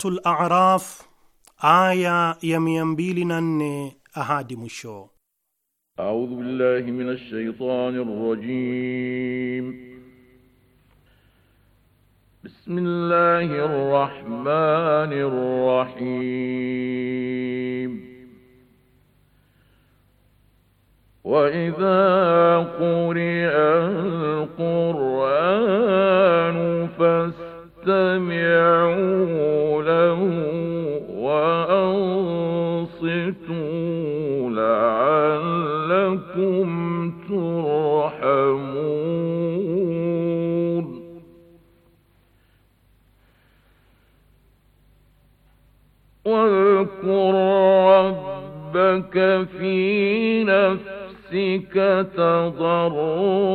Suratul A'raf aya ya mia mbili na nne ahadi mwisho. A'udhu billahi minash shaitanir rajim. Bismillahir rahmanir rahim. وإذا قرئ القرآن فاستمعوا تضرعا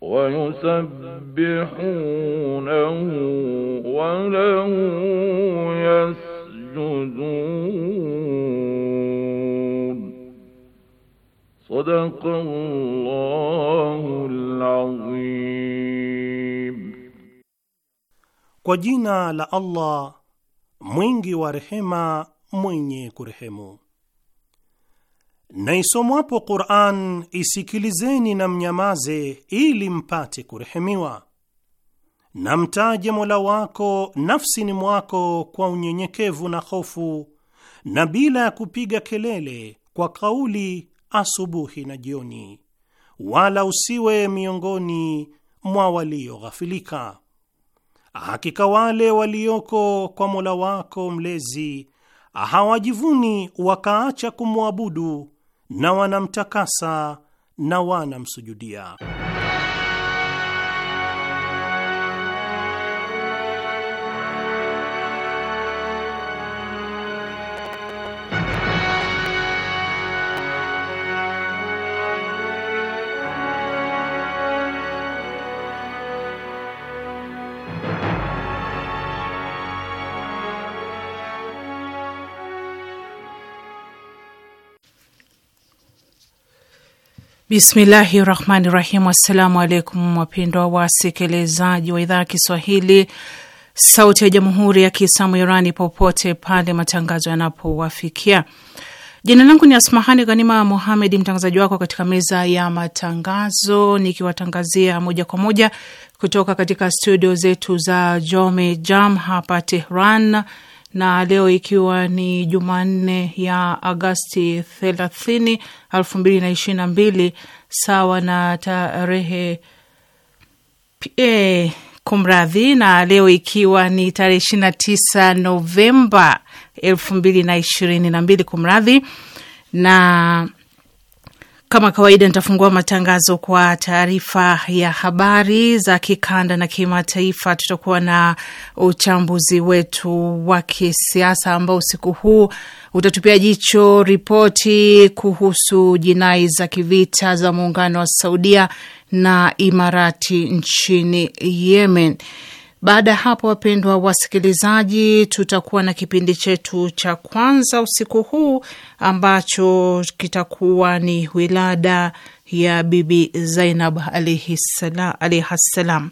ويسبحونه وله يسجدون صدق الله العظيم. Kwa jina la Allah mwingi wa rehema mwenye kurehemu. Na isomwapo Qur'an isikilizeni na mnyamaze, ili mpate kurehemiwa. Na mtaje Mola wako nafsini mwako kwa unyenyekevu na hofu, na bila ya kupiga kelele, kwa kauli asubuhi na jioni, wala usiwe miongoni mwa walioghafilika. Hakika wale walioko kwa Mola wako mlezi hawajivuni wakaacha kumwabudu na wanamtakasa na wanamsujudia. Bismillahi rahmani rahim. Assalamu alaikum wapendwa wasikilizaji wa idhaa ya Kiswahili sauti ya jamhuri ya Kiislamu Irani popote pale matangazo yanapowafikia. Jina langu ni Asmahani Ghanima Muhamed, mtangazaji wako katika meza ya matangazo, nikiwatangazia moja kwa moja kutoka katika studio zetu za Jome Jam hapa Tehran na leo ikiwa ni Jumanne ya Agasti 30, 2022 sawa na tarehe e, kumradhi, na leo ikiwa ni tarehe 29 Novemba 2022 kumradhi, na kama kawaida nitafungua matangazo kwa taarifa ya habari za kikanda na kimataifa. Tutakuwa na uchambuzi wetu wa kisiasa ambao usiku huu utatupia jicho ripoti kuhusu jinai za kivita za muungano wa Saudia na Imarati nchini Yemen. Baada ya hapo, wapendwa wasikilizaji, tutakuwa na kipindi chetu cha kwanza usiku huu ambacho kitakuwa ni wilada ya Bibi Zainab alaihassalam.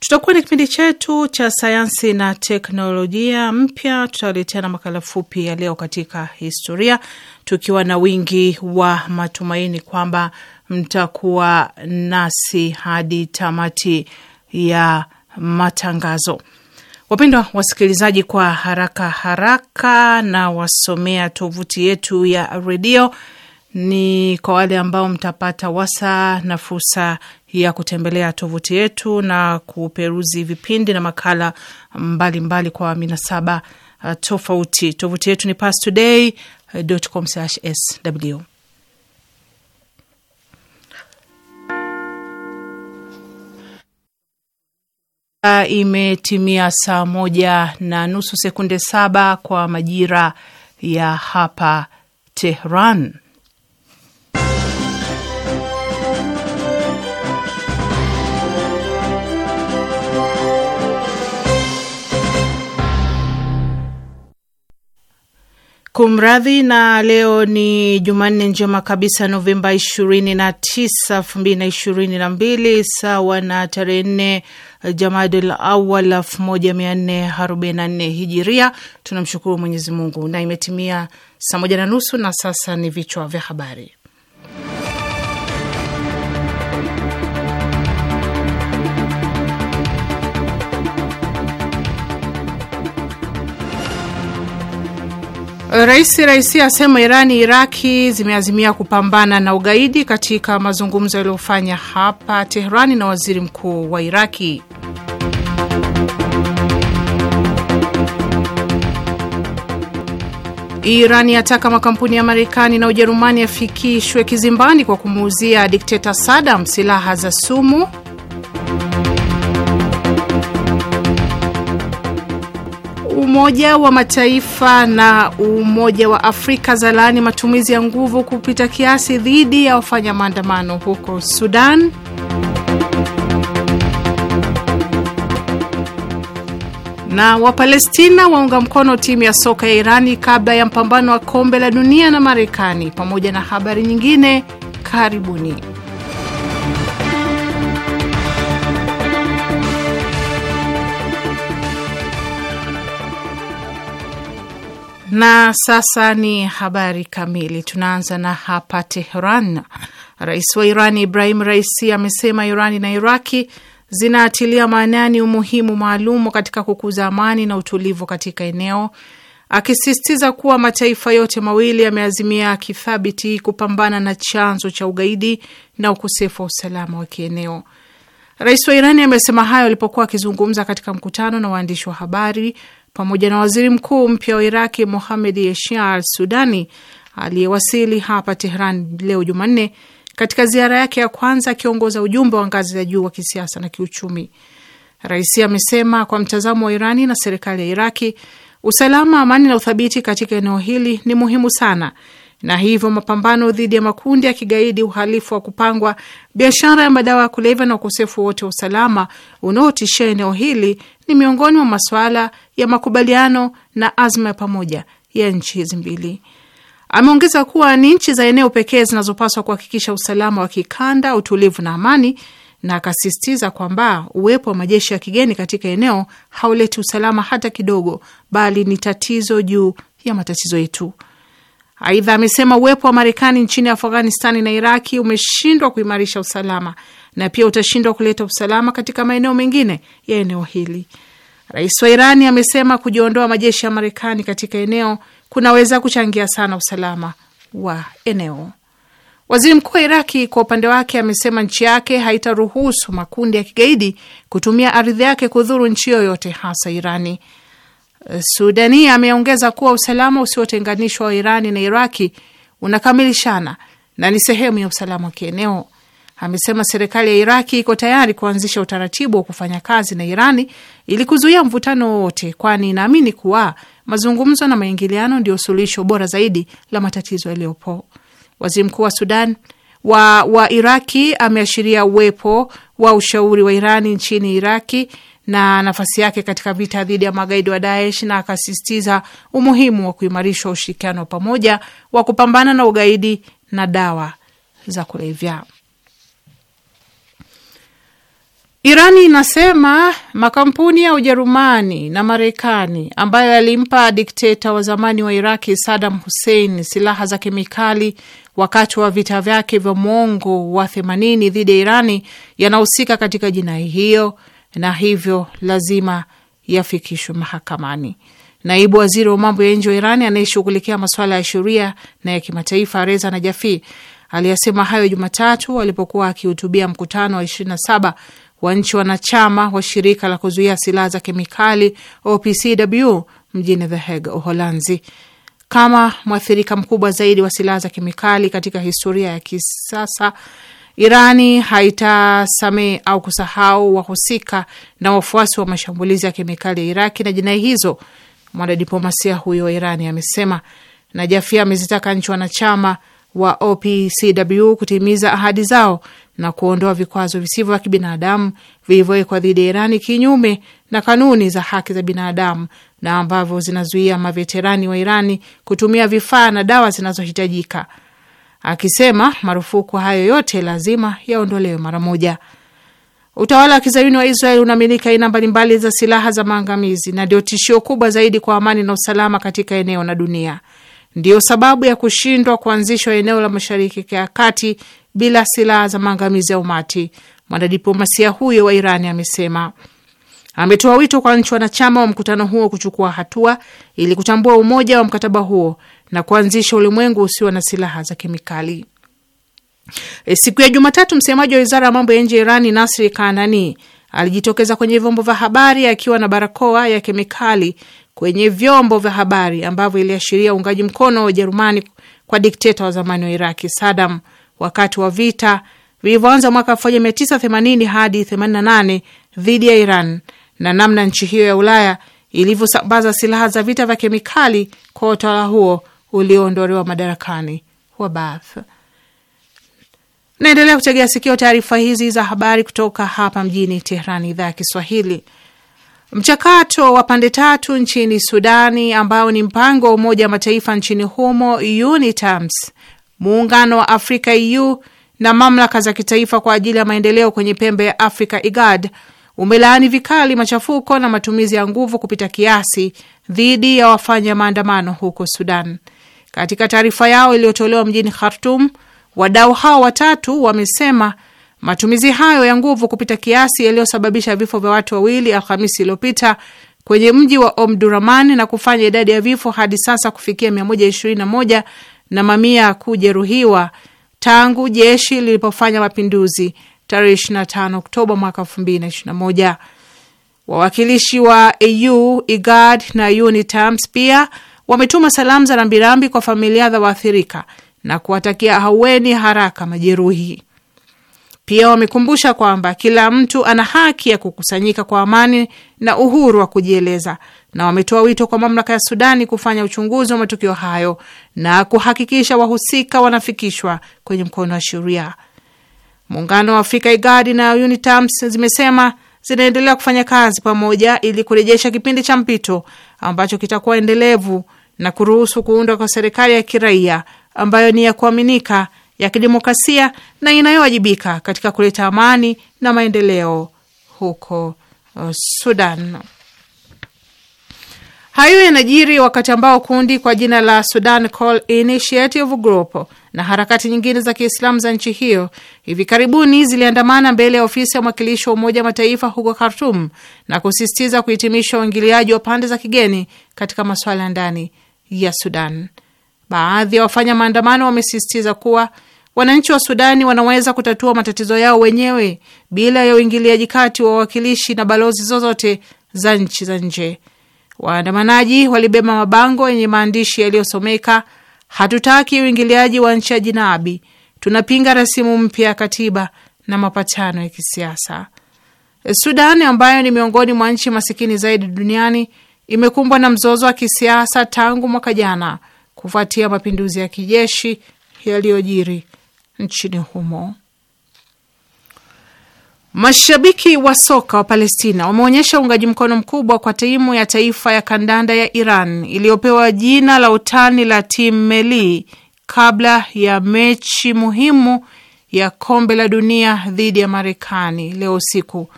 Tutakuwa na kipindi chetu cha sayansi na teknolojia mpya, tutaletea na makala fupi ya leo katika historia, tukiwa na wingi wa matumaini kwamba mtakuwa nasi hadi tamati ya matangazo. Wapendwa wasikilizaji, kwa haraka haraka na wasomea tovuti yetu ya redio ni kwa wale ambao mtapata wasa na fursa ya kutembelea tovuti yetu na kuperuzi vipindi na makala mbalimbali mbali kwa minasaba uh, tofauti. Tovuti yetu ni pastoday.com/sw. Imetimia saa moja na nusu sekunde saba kwa majira ya hapa Tehran. Kumradhi, na leo ni Jumanne njema kabisa, Novemba ishirini na tisa na ishirini na mbili sawa na tarehe nne eh, Jamadil Awal elfu moja Hijiria. Tunamshukuru Mwenyezi Mungu na imetimia saa moja na nusu na sasa ni vichwa vya habari. Rais Raisi asema Irani Iraki zimeazimia kupambana na ugaidi katika mazungumzo yaliyofanya hapa tehrani na waziri mkuu wa Iraki. Irani yataka makampuni ya Marekani na Ujerumani yafikishwe kizimbani kwa kumuuzia dikteta Sadam silaha za sumu. Umoja wa Mataifa na Umoja wa Afrika zalaani matumizi ya nguvu kupita kiasi dhidi ya wafanya maandamano huko Sudan. Na Wapalestina waunga mkono timu ya soka ya Irani kabla ya mpambano wa kombe la dunia na Marekani, pamoja na habari nyingine. Karibuni. Na sasa ni habari kamili. Tunaanza na hapa Tehran. Rais wa iran Ibrahim Raisi amesema Irani na Iraki zinaatilia maanani umuhimu maalumu katika kukuza amani na utulivu katika eneo, akisisitiza kuwa mataifa yote mawili yameazimia kithabiti kupambana na chanzo cha ugaidi na ukosefu wa usalama wa kieneo. Rais wa Irani amesema hayo alipokuwa akizungumza katika mkutano na waandishi wa habari pamoja na waziri mkuu mpya wa Iraki Mohamed Yeshia al Sudani aliyewasili hapa Tehran leo Jumanne katika ziara yake ya kwanza akiongoza ujumbe wa ngazi za juu wa kisiasa na kiuchumi. Rais amesema kwa mtazamo wa Irani na serikali ya Iraki, usalama, amani na uthabiti katika eneo hili ni muhimu sana na hivyo mapambano dhidi ya makundi ya kigaidi, uhalifu wa kupangwa, biashara ya madawa ya kulevya na ukosefu wote wa usalama unaotishia eneo hili ni miongoni mwa masuala ya makubaliano na azma ya pamoja ya nchi hizi mbili. Ameongeza kuwa ni nchi za eneo pekee zinazopaswa kuhakikisha usalama wa kikanda, utulivu na amani, na akasisitiza kwamba uwepo wa majeshi ya kigeni katika eneo hauleti usalama hata kidogo, bali ni tatizo juu ya matatizo yetu. Aidha amesema uwepo wa Marekani nchini Afghanistani na Iraki umeshindwa kuimarisha usalama na pia utashindwa kuleta usalama katika maeneo mengine ya eneo hili. Rais wa Irani amesema kujiondoa majeshi ya Marekani katika eneo kunaweza kuchangia sana usalama wa eneo. Waziri mkuu wa Iraki kwa upande wake amesema nchi yake haitaruhusu makundi ya kigaidi kutumia ardhi yake kudhuru nchi yoyote, hasa Irani. Eh, Sudani ameongeza kuwa usalama usiotenganishwa wa Irani na Iraki unakamilishana na ni sehemu ya usalama wa kieneo. Amesema serikali ya Iraki iko tayari kuanzisha utaratibu wa kufanya kazi na Irani ili kuzuia mvutano wowote, kwani inaamini kuwa mazungumzo na maingiliano ndio suluhisho bora zaidi la matatizo yaliyopo. Waziri mkuu wa Sudan wa, wa Iraki ameashiria uwepo wa ushauri wa Irani nchini Iraki na nafasi yake katika vita dhidi ya magaidi wa Daesh na akasisitiza umuhimu wa kuimarisha ushirikiano pamoja wa kupambana na ugaidi na dawa za kulevya. Irani inasema makampuni ya Ujerumani na Marekani ambayo yalimpa dikteta wa zamani wa Iraki Saddam Hussein silaha za kemikali wakati wa vita vyake vya mwongo wa 80 dhidi ya Irani yanahusika katika jinai hiyo na hivyo lazima yafikishwe mahakamani. Naibu waziri wa mambo ya nje wa Irani anayeshughulikia masuala ya sheria na ya kimataifa Reza Najafi aliyasema hayo Jumatatu alipokuwa akihutubia mkutano wa 27 wa nchi wanachama wa shirika la kuzuia silaha za kemikali OPCW mjini The Hague, Uholanzi. Kama mwathirika mkubwa zaidi wa silaha za kemikali katika historia ya kisasa Irani haitasamee au kusahau wahusika na wafuasi wa mashambulizi ya kemikali ya Iraki na jinai hizo, mwanadiplomasia huyo wa Irani amesema. Najafia amezitaka nchi wanachama wa OPCW kutimiza ahadi zao na kuondoa vikwazo visivyo vya kibinadamu vilivyowekwa dhidi ya Irani kinyume na kanuni za haki za binadamu na ambavyo zinazuia maveterani wa Irani kutumia vifaa na dawa zinazohitajika akisema marufuku hayo yote lazima yaondolewe mara moja. Utawala wa kizayuni wa israel unamiliki aina mbalimbali za silaha za maangamizi na ndio tishio kubwa zaidi kwa amani na usalama katika eneo na dunia. Ndiyo sababu ya kushindwa kuanzishwa eneo la Mashariki ya Kati bila silaha za maangamizi ya umati, mwanadiplomasia huyo wa Irani amesema. Ametoa wito kwa nchi wanachama wa mkutano huo kuchukua hatua ili kutambua umoja wa mkataba huo na kuanzisha ulimwengu usio na silaha za kemikali. E, siku ya Jumatatu msemaji wa wizara ya mambo ya nje ya Irani Nasri Kanani alijitokeza kwenye vyombo vya habari akiwa na barakoa ya kemikali kwenye vyombo vya habari ambavyo iliashiria uungaji mkono wa Ujerumani kwa dikteta wa zamani wa Iraki Sadam wakati wa vita vilivyoanza mwaka 1980 hadi 88 dhidi ya Iran na namna nchi hiyo ya Ulaya ilivyosambaza silaha za vita vya kemikali kwa utawala huo ulioondolewa madarakani wa Baath. Naendelea kutegea sikio taarifa hizi za habari kutoka hapa mjini Tehrani, idhaa ya Kiswahili. Mchakato wa pande tatu nchini Sudani, ambao ni mpango wa Umoja wa Mataifa nchini humo, UNITAMS, muungano wa Afrika EU na mamlaka za kitaifa kwa ajili ya maendeleo kwenye pembe ya Afrika IGAD umelaani vikali machafuko na matumizi ya nguvu kupita kiasi dhidi ya wafanya maandamano huko Sudan. Katika taarifa yao iliyotolewa mjini Khartum, wadau hao watatu wamesema matumizi hayo ya nguvu kupita kiasi yaliyosababisha vifo vya watu wawili Alhamisi iliyopita kwenye mji wa Omdurman na kufanya idadi ya vifo hadi sasa kufikia 121 na mamia kujeruhiwa tangu jeshi lilipofanya mapinduzi tarehe 25 Oktoba mwaka 2021. Wawakilishi wa au IGAD na UNITAMS pia wametuma salamu za rambirambi kwa familia za waathirika na kuwatakia haueni haraka majeruhi. Pia wamekumbusha kwamba kila mtu ana haki ya kukusanyika kwa amani na uhuru wa kujieleza, na wametoa wito kwa mamlaka ya Sudani kufanya uchunguzi wa matukio hayo na kuhakikisha wahusika wanafikishwa kwenye mkono wa sheria. Muungano wa Afrika IGADI na UNITAMS zimesema zinaendelea kufanya kazi pamoja ili kurejesha kipindi cha mpito ambacho kitakuwa endelevu na kuruhusu kuundwa kwa serikali ya kiraia ambayo ni ya kuaminika, ya kidemokrasia na inayowajibika katika kuleta amani na maendeleo huko uh, Sudan. Hayo yanajiri wakati ambao kundi kwa jina la Sudan Call Initiative Group na harakati nyingine za Kiislamu za nchi hiyo hivi karibuni ziliandamana mbele ya ofisi ya mwakilishi wa Umoja Mataifa huko Khartum na kusisitiza kuhitimisha uingiliaji wa pande za kigeni katika masuala ya ndani ya Sudan. Baadhi ya wafanya maandamano wamesisitiza kuwa wananchi wa Sudani wanaweza kutatua matatizo yao wenyewe bila ya uingiliaji kati wa wawakilishi na balozi zozote za nchi za nje. Waandamanaji walibeba mabango yenye maandishi yaliyosomeka, hatutaki uingiliaji wa nchi ya jinabi, tunapinga rasimu mpya ya katiba na mapatano ya kisiasa. Sudan ambayo ni miongoni mwa nchi masikini zaidi duniani imekumbwa na mzozo wa kisiasa tangu mwaka jana kufuatia mapinduzi ya kijeshi yaliyojiri nchini humo. Mashabiki wa soka wa Palestina wameonyesha uungaji mkono mkubwa kwa timu ya taifa ya kandanda ya Iran iliyopewa jina la utani la tim Meli kabla ya mechi muhimu ya kombe la dunia dhidi ya Marekani leo usiku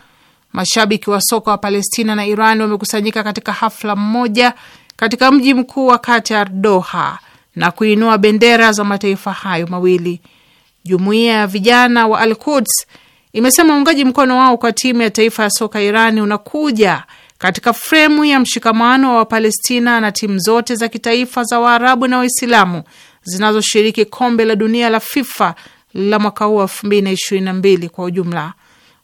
Mashabiki wa soka wa Palestina na Iran wamekusanyika katika hafla mmoja katika mji mkuu wa Qatar, Doha, na kuinua bendera za mataifa hayo mawili. Jumuiya ya vijana wa Al Quds imesema uungaji mkono wao kwa timu ya taifa ya soka Irani unakuja katika fremu ya mshikamano wa Wapalestina na timu zote za kitaifa za Waarabu na Waislamu zinazoshiriki kombe la dunia la FIFA la mwaka huu wa 222 kwa ujumla.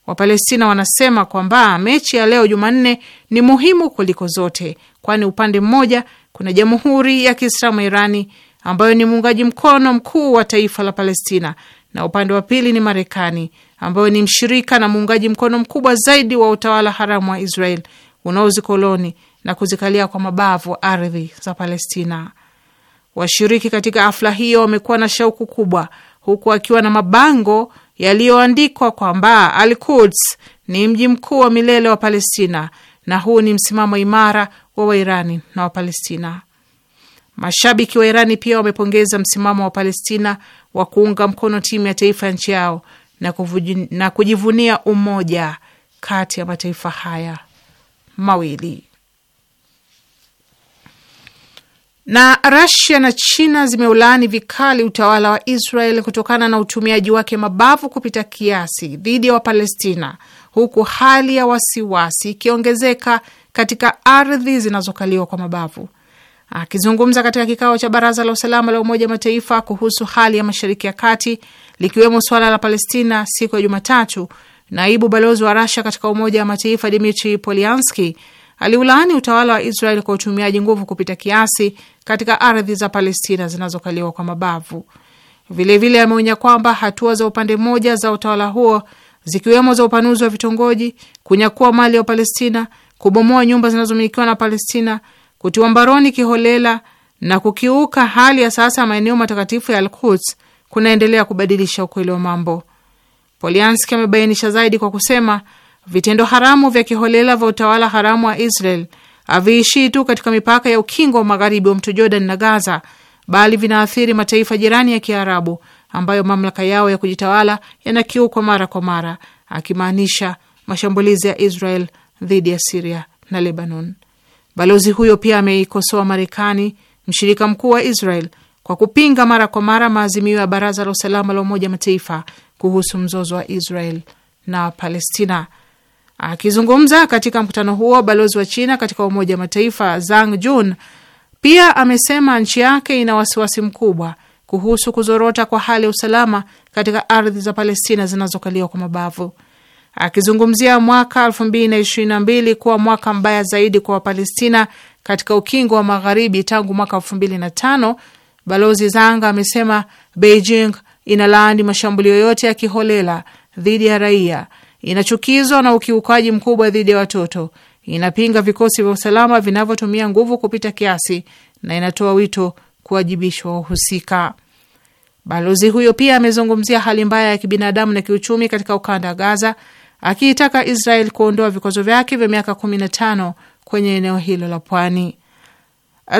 Wapalestina wanasema kwamba mechi ya leo Jumanne ni muhimu kuliko zote, kwani upande mmoja kuna Jamhuri ya Kiislamu Irani ambayo ni muungaji mkono mkuu wa taifa la Palestina na upande wa pili ni Marekani ambayo ni mshirika na muungaji mkono mkubwa zaidi wa utawala haramu wa Israel unaozikoloni na kuzikalia kwa mabavu ardhi za Palestina. Washiriki katika hafla hiyo wamekuwa na shauku kubwa, huku akiwa na mabango yaliyoandikwa kwamba Al Quds ni mji mkuu wa milele wa Palestina, na huu ni msimamo imara wa Wairani na Wapalestina. Mashabiki wa Irani pia wamepongeza msimamo wa Palestina wa kuunga mkono timu ya taifa ya nchi yao na, na kujivunia umoja kati ya mataifa haya mawili. Na Rasia na China zimeulaani vikali utawala wa Israel kutokana na utumiaji wake mabavu kupita kiasi dhidi ya Wapalestina, huku hali ya wasiwasi ikiongezeka katika ardhi zinazokaliwa kwa mabavu. Akizungumza katika kikao cha baraza la usalama la Umoja wa Mataifa kuhusu hali ya Mashariki ya Kati, likiwemo suala la Palestina siku ya Jumatatu, naibu balozi wa Rasia katika Umoja wa Mataifa Dmitri Polianski aliulaani utawala wa Israel kwa utumiaji nguvu kupita kiasi katika ardhi za Palestina zinazokaliwa kwa mabavu. Vilevile ameonya kwamba hatua za upande mmoja za utawala huo zikiwemo za upanuzi wa vitongoji, kunyakua mali ya Palestina, kubomoa nyumba zinazomilikiwa na Palestina, kutiwa mbaroni kiholela na kukiuka hali ya sasa maeneo matakatifu ya Al-Quds kunaendelea kubadilisha ukweli wa mambo. Polianski amebainisha zaidi kwa kusema Vitendo haramu vya kiholela vya utawala haramu wa Israel haviishii tu katika mipaka ya ukingo wa magharibi wa mto Jordan na Gaza, bali vinaathiri mataifa jirani ya Kiarabu ambayo mamlaka yao ya kujitawala yanakiukwa mara kwa mara, akimaanisha mashambulizi ya Israel dhidi ya Siria na Lebanon. Balozi huyo pia ameikosoa Marekani, mshirika mkuu wa Israel, kwa kupinga mara kwa mara maazimio ya Baraza la Usalama la Umoja Mataifa kuhusu mzozo wa Israel na Palestina. Akizungumza katika mkutano huo, balozi wa China katika Umoja wa Mataifa Zhang Jun pia amesema nchi yake ina wasiwasi mkubwa kuhusu kuzorota kwa hali ya usalama katika ardhi za Palestina zinazokaliwa kwa mabavu. Akizungumzia mwaka 2022 kuwa mwaka mbaya zaidi kwa Wapalestina katika ukingo wa magharibi tangu mwaka 2005, balozi Zanga amesema Beijing inalaani mashambulio yote ya kiholela dhidi ya raia inachukizwa na ukiukaji mkubwa dhidi ya watoto, inapinga vikosi vya usalama vinavyotumia nguvu kupita kiasi na inatoa wito kuwajibishwa wahusika. Balozi huyo pia amezungumzia hali mbaya ya kibinadamu na kiuchumi katika ukanda wa Gaza, akiitaka Israel kuondoa vikwazo vyake vya miaka 15 kwenye eneo hilo la pwani.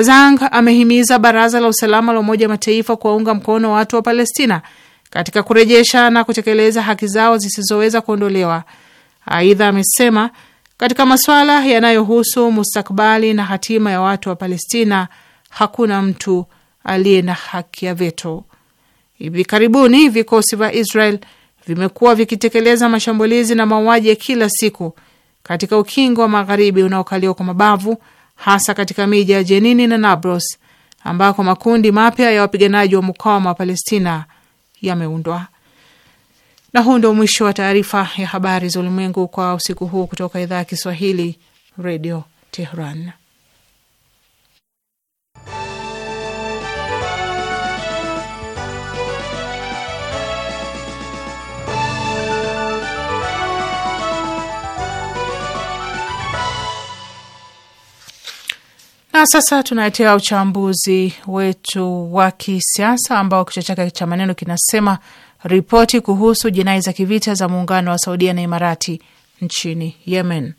Zang amehimiza baraza la usalama la Umoja wa Mataifa kuwaunga mkono watu wa Palestina katika kurejesha na kutekeleza haki zao zisizoweza kuondolewa. Aidha amesema katika masuala yanayohusu mustakbali na hatima ya watu wa Palestina hakuna mtu aliye na haki ya veto. Hivi karibuni vikosi vya Israel vimekuwa vikitekeleza mashambulizi na mauaji ya kila siku katika ukingo wa magharibi unaokaliwa kwa mabavu, hasa katika miji ya Jenini na Nabros ambako makundi mapya ya wapiganaji wa mukawama wa Palestina yameundwa. Na huu ndio mwisho wa taarifa ya habari za ulimwengu kwa usiku huu kutoka idhaa ya Kiswahili, Redio Tehran. Na sasa tunaletea uchambuzi wetu wa kisiasa ambao kichwa chake cha maneno kinasema ripoti kuhusu jinai za kivita za muungano wa Saudia na Imarati nchini Yemen.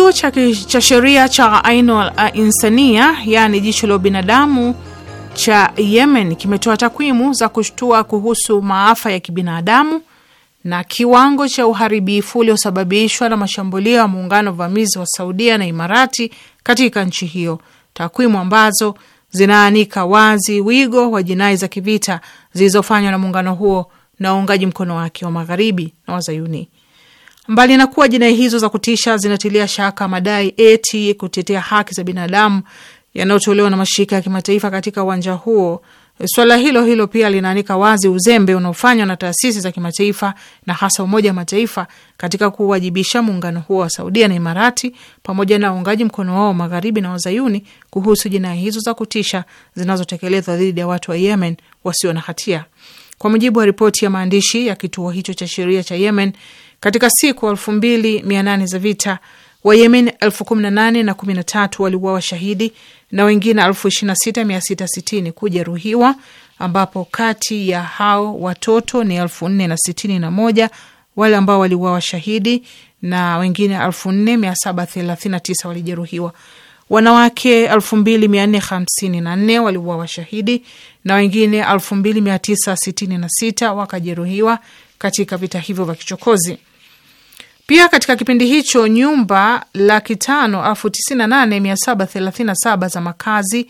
Chuo cha sheria cha al Insania, yaani jicho la ubinadamu cha Yemen kimetoa takwimu za kushtua kuhusu maafa ya kibinadamu na kiwango cha uharibifu uliosababishwa na mashambulio ya muungano vamizi wa Saudia na Imarati katika nchi hiyo, takwimu ambazo zinaanika wazi wigo wa jinai za kivita zilizofanywa na muungano huo na waungaji mkono wake wa magharibi na wazayuni. Mbali na kuwa jinai hizo za kutisha zinatilia shaka madai eti kutetea haki za binadamu yanayotolewa na mashirika ya kimataifa katika uwanja huo, swala hilo hilo pia linaanika wazi uzembe unaofanywa na taasisi za kimataifa na hasa Umoja wa Mataifa katika kuwajibisha muungano huo wa Saudia na Imarati pamoja na waungaji mkono wao magharibi na wazayuni kuhusu jinai hizo za kutisha zinazotekelezwa dhidi ya watu wa Yemen wasio na hatia. Kwa mujibu wa ripoti ya maandishi ya kituo hicho cha sheria cha Yemen, katika siku elfu mbili mia nane za vita Wayemen elfu kumi na nane na kumi na tatu waliuawa shahidi na wengine elfu ishirini na sita mia sita sitini kujeruhiwa, ambapo kati ya hao watoto ni elfu nne na sitini na moja wale ambao waliuawa shahidi na wengine elfu nne mia saba thelathini na tisa walijeruhiwa. Wanawake elfu mbili mia nne hamsini na nne waliuawa shahidi na wengine elfu mbili mia tisa sitini na sita wakajeruhiwa katika vita hivyo vya kichokozi. Pia katika kipindi hicho nyumba laki tano elfu tisini na nane mia saba thelathini na saba za makazi,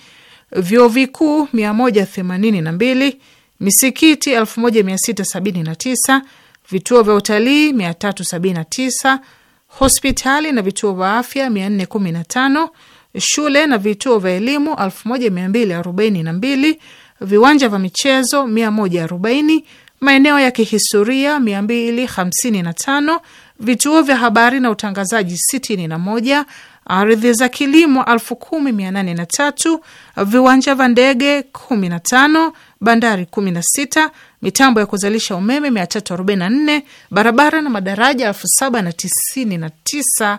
vyuo vikuu mia moja themanini na mbili, misikiti elfu moja mia sita sabini na tisa, vituo vya utalii mia tatu sabini na tisa, hospitali na vituo vya afya mia nne kumi na tano, shule na vituo vya elimu elfu moja mia mbili arobaini na mbili, viwanja vya michezo mia moja arobaini, maeneo ya kihistoria mia mbili hamsini na tano vituo vya habari na utangazaji 61, ardhi za kilimo tatu viwanja vya ndege 15, bandari 16, mitambo ya kuzalisha umeme 344, barabara na madaraja tisa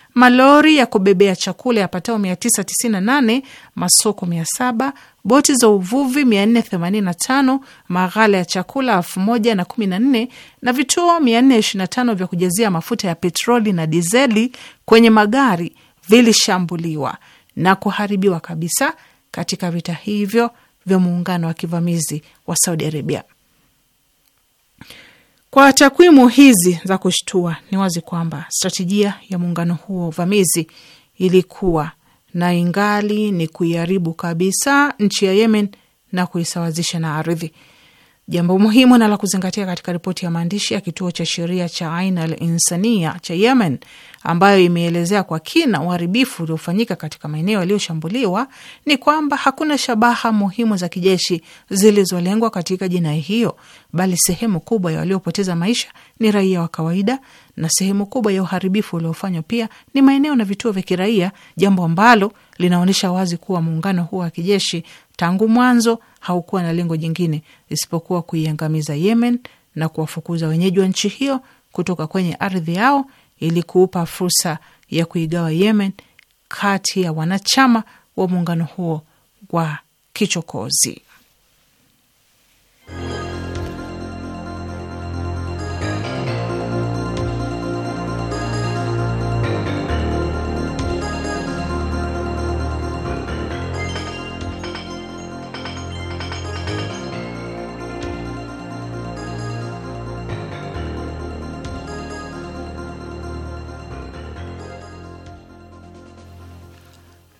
malori ya kubebea chakula yapatao 998, masoko 700, boti za uvuvi 485, maghala ya chakula 1014 na vituo 425 vya kujazia mafuta ya petroli na dizeli kwenye magari vilishambuliwa na kuharibiwa kabisa katika vita hivyo vya muungano wa kivamizi wa Saudi Arabia. Kwa takwimu hizi za kushtua, ni wazi kwamba stratejia ya muungano huo wa uvamizi ilikuwa na ingali ni kuiharibu kabisa nchi ya Yemen na kuisawazisha na ardhi. Jambo muhimu na la kuzingatia katika ripoti ya maandishi ya kituo cha sheria cha Ain al Insania cha Yemen, ambayo imeelezea kwa kina uharibifu uliofanyika katika maeneo yaliyoshambuliwa, ni kwamba hakuna shabaha muhimu za kijeshi zilizolengwa katika jinai hiyo, bali sehemu kubwa ya waliopoteza maisha ni raia wa kawaida, na sehemu kubwa ya uharibifu uliofanywa pia ni maeneo na vituo vya kiraia, jambo ambalo linaonyesha wazi kuwa muungano huo wa kijeshi tangu mwanzo haukuwa na lengo jingine isipokuwa kuiangamiza Yemen na kuwafukuza wenyeji wa nchi hiyo kutoka kwenye ardhi yao ili kuupa fursa ya kuigawa Yemen kati ya wanachama wa muungano huo wa kichokozi.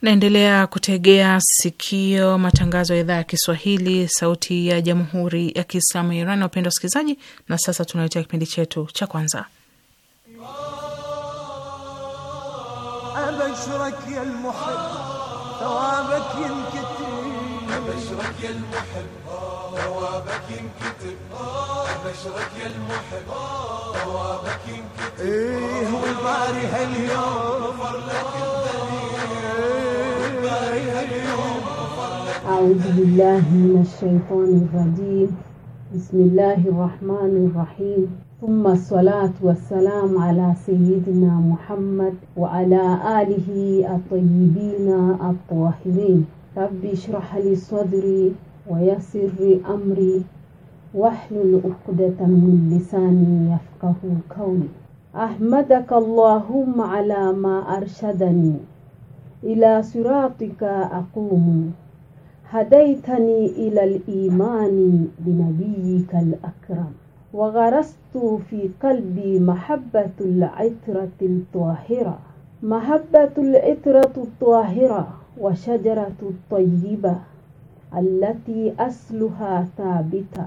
Naendelea kutegea sikio matangazo ya idhaa ya Kiswahili, sauti ya jamhuri ya kiislamu ya Iran. Na wapenda wasikilizaji, na sasa tunaletea kipindi chetu cha kwanza أعوذ بالله من الشيطان الرجيم بسم الله الرحمن الرحيم ثم الصلاة والسلام على سيدنا محمد وعلى آله الطيبين الطاهرين رب اشرح لي صدري ويسر لي أمري واحلل عقدة من لساني يفقه قولي أحمدك اللهم على ما أرشدني إلى صراطك أقوم هديتني إلى الإيمان بنبيك الأكرم وغرست في قلبي محبة العطرة الطاهرة محبة العطرة الطاهرة وشجرة الطيبة التي أصلها ثابتة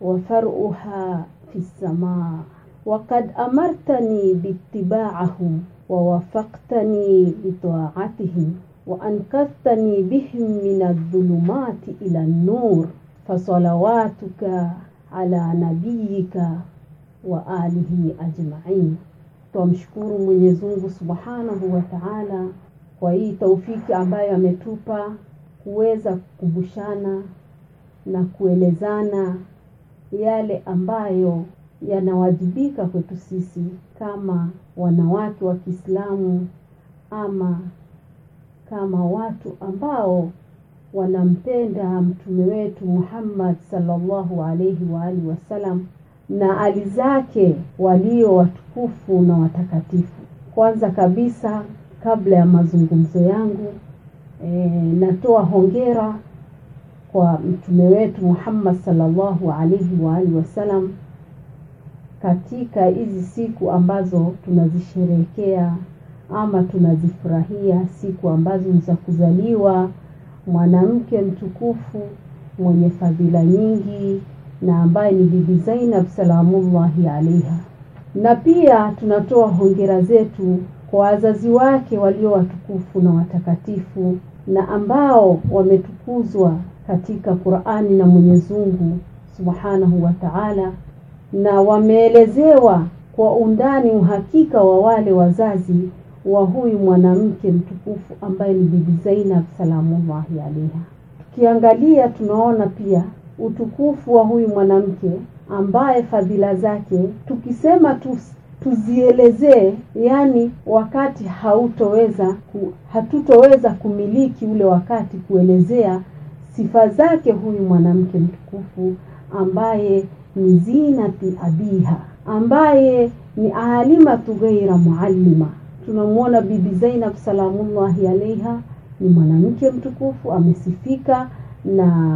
وفرعها في السماء وقد أمرتني باتباعهم ووفقتني لطاعته وأنقذتني بهم من الظلمات إلى النور فصلواتك على نبيك وآله أجمعين twamshukuru Mwenyezi Mungu Subhanahu wa Ta'ala kwa hii taufiki ambayo ametupa kuweza kukumbushana na kuelezana yale ambayo yanawajibika kwetu sisi kama wanawake wa Kiislamu ama kama watu ambao wanampenda mtume wetu Muhammad sallallahu alaihi wa alihi wasallam na ali zake walio watukufu na watakatifu. Kwanza kabisa kabla ya mazungumzo yangu e, natoa hongera kwa mtume wetu Muhammad sallallahu alaihi wa alihi wasallam katika hizi siku ambazo tunazisherekea ama tunazifurahia siku ambazo ni za kuzaliwa mwanamke mtukufu mwenye fadhila nyingi na ambaye ni Bibi Zainab salamullahi alaiha. Na pia tunatoa hongera zetu kwa wazazi wake walio watukufu na watakatifu na ambao wametukuzwa katika Qur'ani na Mwenyezi Mungu Subhanahu wa Ta'ala na wameelezewa kwa undani uhakika wa wale wazazi wa huyu mwanamke mtukufu ambaye ni Bibi Zainab salamullahi alaiha. Tukiangalia tunaona pia utukufu wa huyu mwanamke ambaye fadhila zake tukisema tu tuzielezee, yani wakati hautoweza ku, hatutoweza kumiliki ule wakati kuelezea sifa zake huyu mwanamke mtukufu ambaye ni zinati abiha ambaye ni alimatu ghaira muallima tunamwona bibi Zainab salamullahi alaiha ni mwanamke mtukufu amesifika na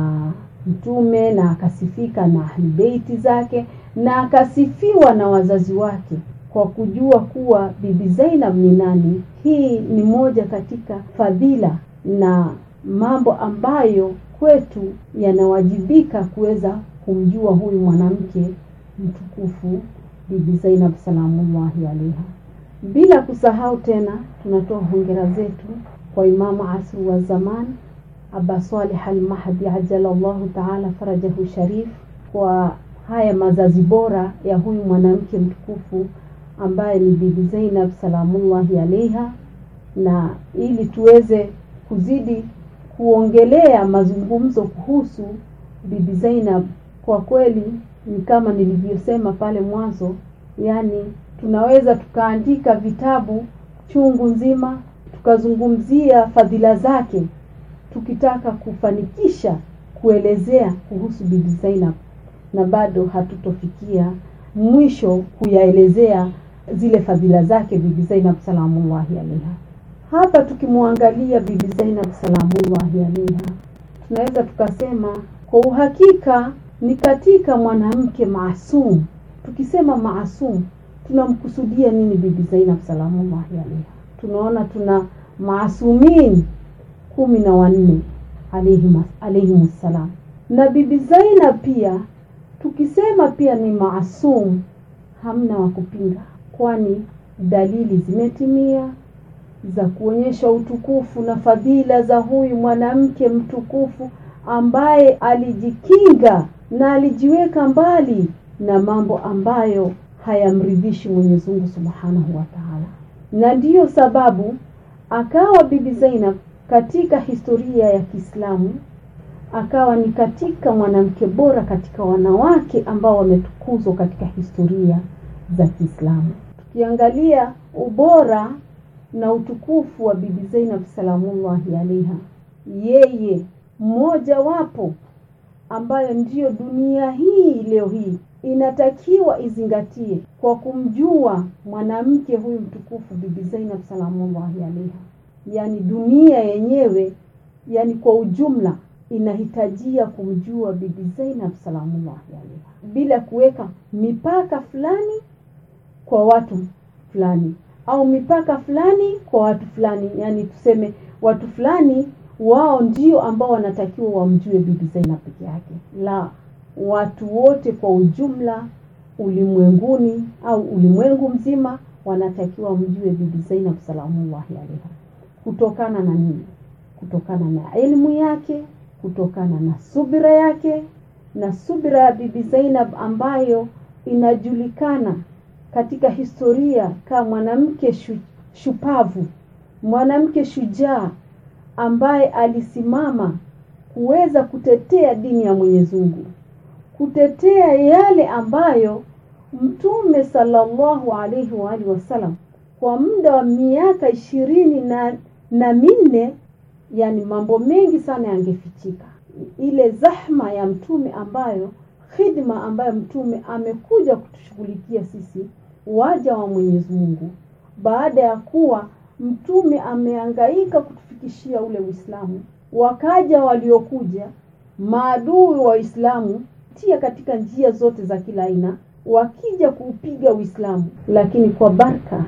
mtume na akasifika na ahlibeiti zake na akasifiwa na wazazi wake kwa kujua kuwa bibi Zainab ni nani. Hii ni moja katika fadhila na mambo ambayo kwetu yanawajibika kuweza kumjua huyu mwanamke mtukufu bibi zainab salamullahi alaiha bila kusahau tena tunatoa hongera zetu kwa imamu asru wa zaman aba salih almahdi ajalallahu taala farajahu sharif kwa haya mazazi bora ya huyu mwanamke mtukufu ambaye ni bibi zainab salamullahi alaiha na ili tuweze kuzidi kuongelea mazungumzo kuhusu bibi zainab kwa kweli ni kama nilivyosema pale mwanzo yani tunaweza tukaandika vitabu chungu nzima tukazungumzia fadhila zake tukitaka kufanikisha kuelezea kuhusu Bibi Zainab na bado hatutofikia mwisho kuyaelezea zile fadhila zake Bibi Zainab salamullahi alaiha. Hapa tukimwangalia Bibi Zainab salamullahi alaiha, tunaweza tukasema kwa uhakika ni katika mwanamke maasum tukisema maasum tunamkusudia nini bibi zainab salamullahi alaiha tunaona tuna maasumin kumi na wanne alaihimussalam na bibi zainab pia tukisema pia ni maasum hamna wa kupinga kwani dalili zimetimia za kuonyesha utukufu na fadhila za huyu mwanamke mtukufu ambaye alijikinga na alijiweka mbali na mambo ambayo hayamridhishi Mwenyezi Mungu Subhanahu wa Ta'ala. Na ndiyo sababu akawa Bibi Zainab katika historia ya Kiislamu akawa ni katika mwanamke bora katika wanawake ambao wametukuzwa katika historia za Kiislamu. Tukiangalia ubora na utukufu wa Bibi Zainab salamullahi alaiha, yeye mmoja wapo ambayo ndiyo dunia hii leo hii inatakiwa izingatie kwa kumjua mwanamke huyu mtukufu Bibi Zainab salamullahi alaiha. yani dunia yenyewe yani kwa ujumla inahitajia kumjua Bibi Zainab salamullahi alaiha bila kuweka mipaka fulani kwa watu fulani au mipaka fulani kwa watu fulani, yani tuseme watu fulani wao ndio ambao wanatakiwa wamjue bibi Zainab peke yake la watu wote kwa ujumla ulimwenguni au ulimwengu mzima wanatakiwa mjue bibi Zainab salamullahi alaiha kutokana na nini kutokana na elimu yake kutokana na subira yake na subira ya bibi Zainab ambayo inajulikana katika historia kama mwanamke shupavu mwanamke shujaa ambaye alisimama kuweza kutetea dini ya Mwenyezi Mungu, kutetea yale ambayo Mtume sallallahu alaihi wa alihi wasallam kwa muda wa miaka ishirini na, na minne yani mambo mengi sana yangefichika. Ile zahma ya mtume ambayo khidma ambayo mtume amekuja kutushughulikia sisi waja wa Mwenyezi Mungu, baada ya kuwa mtume ameangaika kutu kuufikishia ule Uislamu. Wakaja waliokuja maadui wa Uislamu tia katika njia zote za kila aina, wakija kuupiga Uislamu, lakini kwa baraka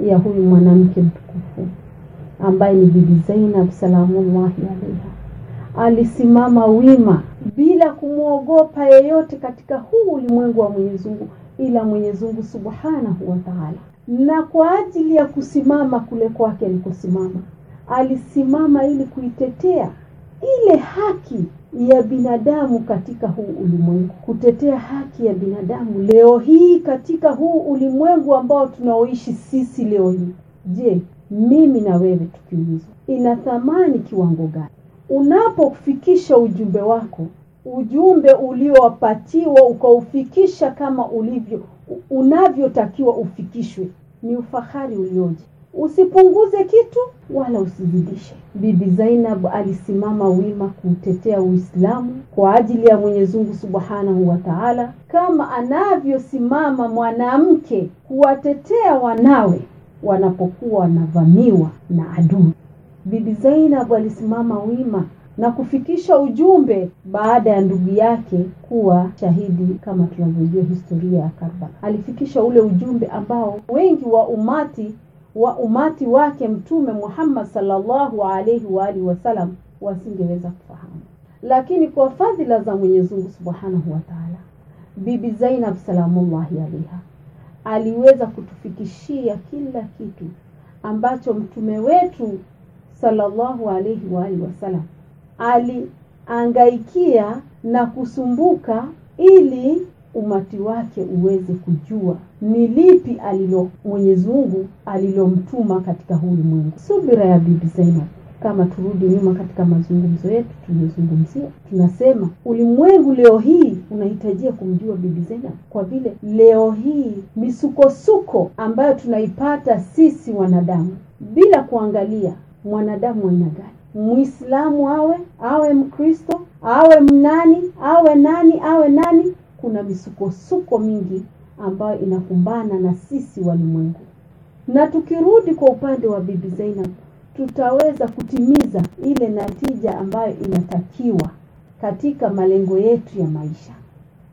ya huyu mwanamke mtukufu ambaye ni Bibi Zainab salamullahi alaiha alisimama wima bila kumwogopa yeyote katika huu ulimwengu wa Mwenyezi Mungu ila Mwenyezi Mungu Subhanahu wa Ta'ala. Na kwa ajili ya kusimama kule kwake alikosimama alisimama ili kuitetea ile haki ya binadamu katika huu ulimwengu, kutetea haki ya binadamu leo hii katika huu ulimwengu ambao tunaoishi sisi leo hii. Je, mimi na wewe tukiulizwa, ina thamani kiwango gani unapofikisha ujumbe wako, ujumbe uliowapatiwa ukaufikisha kama ulivyo unavyotakiwa ufikishwe? Ni ufahari ulioje! usipunguze kitu wala usizidishe. Bibi Zainab alisimama wima kuutetea Uislamu kwa ajili ya Mwenyezi Mungu Subhanahu wa Ta'ala, kama anavyosimama mwanamke kuwatetea wanawe wanapokuwa wanavamiwa na adui. Bibi Zainab alisimama wima na kufikisha ujumbe baada ya ndugu yake kuwa shahidi. Kama tunavyojua historia ya Karbala, alifikisha ule ujumbe ambao wengi wa umati wa umati wake mtume Muhammad sallallahu alaihi wa alihi wasallam wasingeweza kufahamu, lakini kwa fadhila za Mwenyezi Mungu Subhanahu wa Ta'ala, Bibi Zainab salamullahi alaiha aliweza kutufikishia kila kitu ambacho mtume wetu sallallahu alaihi wa alihi wasallam aliangaikia na kusumbuka ili umati wake uweze kujua ni lipi alilo Mwenyezi Mungu alilomtuma katika huu ulimwengu. Subira ya Bibi Zainab kama turudi nyuma katika mazungumzo yetu tuliyozungumzia, tunasema ulimwengu leo hii unahitajia kumjua Bibi Zainab, kwa vile leo hii misukosuko ambayo tunaipata sisi wanadamu, bila kuangalia mwanadamu aina gani, Muislamu awe awe Mkristo awe mnani awe nani awe nani, kuna misukosuko mingi ambayo inakumbana na sisi walimwengu. Na tukirudi kwa upande wa Bibi Zainab, tutaweza kutimiza ile natija ambayo inatakiwa katika malengo yetu ya maisha.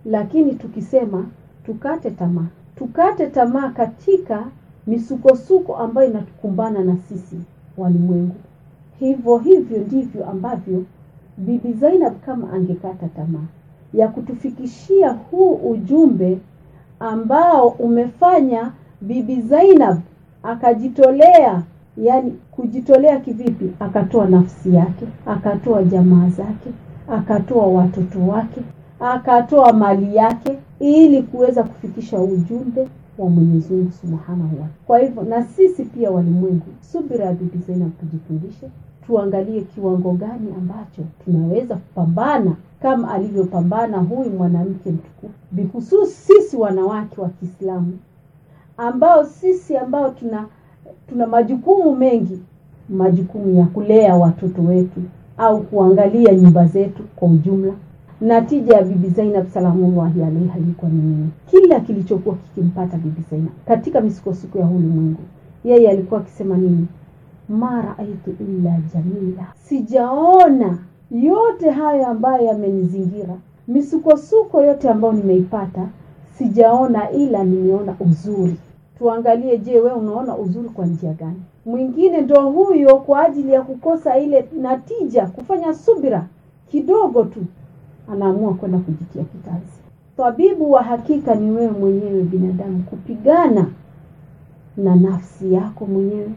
Lakini tukisema tukate tamaa, tukate tamaa katika misukosuko ambayo inatukumbana na sisi walimwengu. Hivyo hivyo ndivyo ambavyo Bibi Zainab kama angekata tamaa ya kutufikishia huu ujumbe ambao umefanya Bibi Zainab akajitolea, yani kujitolea kivipi? Akatoa nafsi yake, akatoa jamaa zake, akatoa watoto wake, akatoa mali yake ili kuweza kufikisha ujumbe wa Mwenyezi Mungu Subhanahu wa. Kwa hivyo na sisi pia walimwengu, subira ya Bibi Zainab tujifundishe tuangalie kiwango gani ambacho tunaweza kupambana kama alivyopambana huyu mwanamke mtukufu bihususi sisi wanawake wa Kiislamu ambao sisi ambao tuna tuna majukumu mengi majukumu ya kulea watoto wetu au kuangalia nyumba zetu kwa ujumla natija ya bibi Zainab salamullahi alaiha ilikuwa ni nini kila kilichokuwa kikimpata bibi Zainab katika misukosuko ya ulimwengu yeye alikuwa akisema nini mara aitu illa jamila, sijaona yote haya ambayo yamenizingira, misukosuko yote ambayo nimeipata, sijaona ila nimeona uzuri. Tuangalie, je, we unaona uzuri kwa njia gani? Mwingine ndo huyo kwa ajili ya kukosa ile natija, kufanya subira kidogo tu, anaamua kwenda kujitia kikazi. Tabibu wa hakika ni wewe mwenyewe binadamu, kupigana na nafsi yako mwenyewe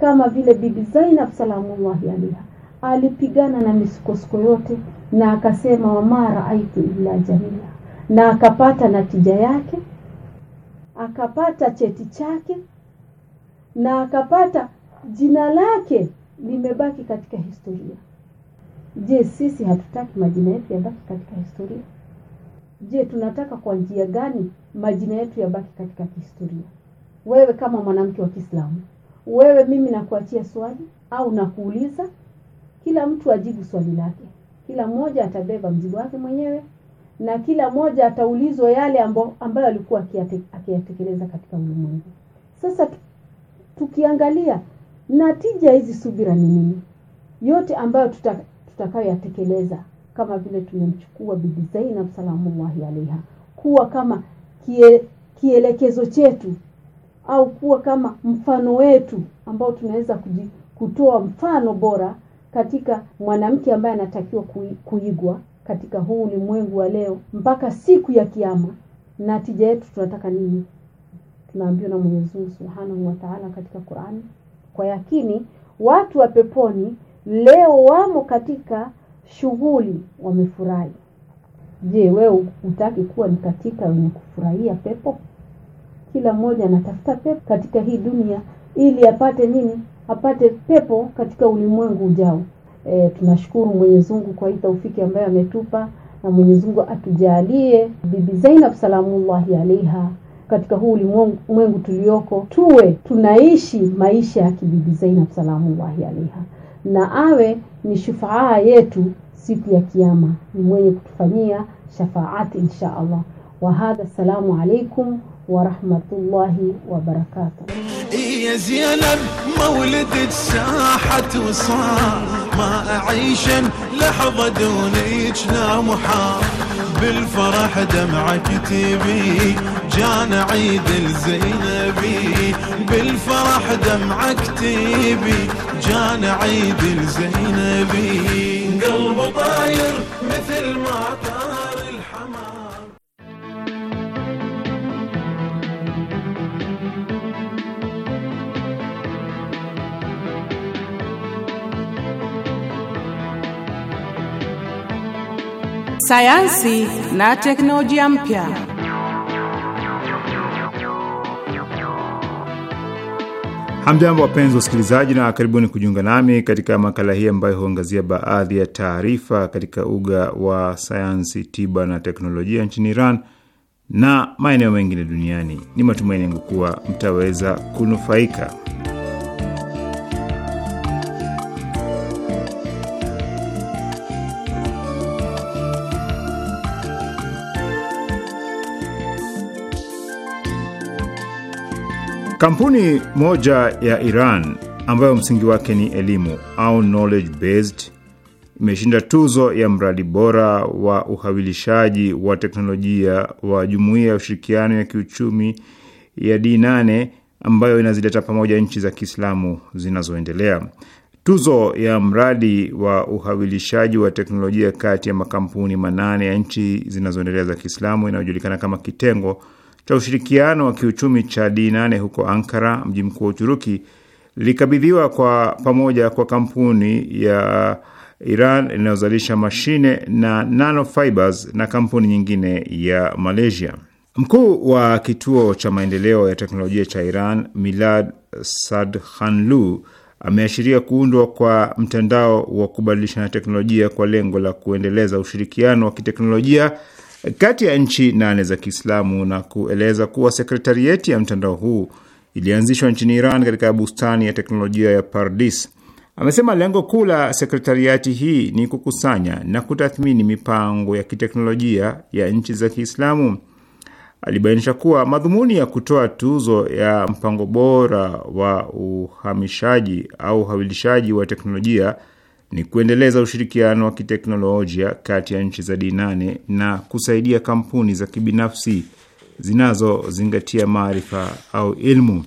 kama vile bibi Zainab salamullahi alaiha alipigana na misukosuko yote na akasema wamara aitu illa jamila na akapata natija yake akapata cheti chake na akapata jina lake limebaki katika historia je sisi hatutaki majina yetu yabaki katika historia je tunataka kwa njia gani majina yetu yabaki katika historia wewe kama mwanamke wa Kiislamu wewe mimi nakuachia swali au nakuuliza kila mtu ajibu swali lake kila mmoja atabeba mzigo wake mwenyewe na kila mmoja ataulizwa yale ambayo, ambayo alikuwa akiyatekeleza katika ulimwengu sasa tukiangalia natija hizi subira ni nini yote ambayo tuta, tutakayoyatekeleza kama vile tumemchukua bibi Zainab salamu alaiha kuwa kama kie, kielekezo chetu au kuwa kama mfano wetu ambao tunaweza kutoa mfano bora katika mwanamke ambaye anatakiwa kuigwa katika huu ulimwengu wa leo mpaka siku ya kiyama na tija yetu tunataka nini tunaambiwa na Mwenyezi Mungu Subhanahu wa Ta'ala katika Qur'ani kwa yakini watu wa peponi leo wamo katika shughuli wamefurahi je wewe utaki kuwa ni katika wenye kufurahia pepo kila mmoja anatafuta pepo katika hii dunia ili apate nini? Apate pepo katika ulimwengu ujao. E, tunashukuru Mwenyezi Mungu kwa hii taufiki ambayo ametupa, na Mwenyezi Mungu atujalie Bibi Zainab salamullahi alaiha katika huu ulimwengu tulioko, tuwe tunaishi maisha ya kibibi Zainab salamullahi alaiha, na awe ni shufaa yetu siku ya Kiyama, ni mwenye kutufanyia shafaati insha Allah. Wa hadha, alaikum ورحمة الله وبركاته يا زينب مولدك ساحت وصار ما أعيش لحظة دونك لا محال بالفرح دمعك تبي جان عيد الزينبي بالفرح دمعك تبي جان عيد الزينبي قلب طاير مثل ما طاير sayansi na teknolojia mpya. Hamjambo, wapenzi wasikilizaji, na karibuni kujiunga nami katika makala hii ambayo huangazia baadhi ya taarifa katika uga wa sayansi, tiba na teknolojia nchini Iran na maeneo mengine duniani. Ni matumaini yangu kuwa mtaweza kunufaika. Kampuni moja ya Iran ambayo msingi wake ni elimu au knowledge based imeshinda tuzo ya mradi bora wa uhawilishaji wa teknolojia wa Jumuiya ya Ushirikiano ya Kiuchumi ya D8 ambayo inazileta pamoja nchi za Kiislamu zinazoendelea. Tuzo ya mradi wa uhawilishaji wa teknolojia kati ya makampuni manane ya nchi zinazoendelea za Kiislamu inayojulikana kama kitengo cha ushirikiano wa kiuchumi cha D8 huko Ankara, mji mkuu wa Uturuki, likabidhiwa kwa pamoja kwa kampuni ya Iran inayozalisha mashine na nanofibers na kampuni nyingine ya Malaysia. Mkuu wa kituo cha maendeleo ya teknolojia cha Iran Milad Sadhanlu ameashiria kuundwa kwa mtandao wa kubadilishana teknolojia kwa lengo la kuendeleza ushirikiano wa kiteknolojia kati ya nchi nane za Kiislamu na kueleza kuwa sekretarieti ya mtandao huu ilianzishwa nchini Iran katika bustani ya teknolojia ya Pardis. Amesema lengo kuu la sekretariati hii ni kukusanya na kutathmini mipango ya kiteknolojia ya nchi za Kiislamu. Alibainisha kuwa madhumuni ya kutoa tuzo ya mpango bora wa uhamishaji au uhawilishaji wa teknolojia ni kuendeleza ushirikiano wa kiteknolojia kati ya nchi za D8 na kusaidia kampuni za kibinafsi zinazozingatia maarifa au ilmu.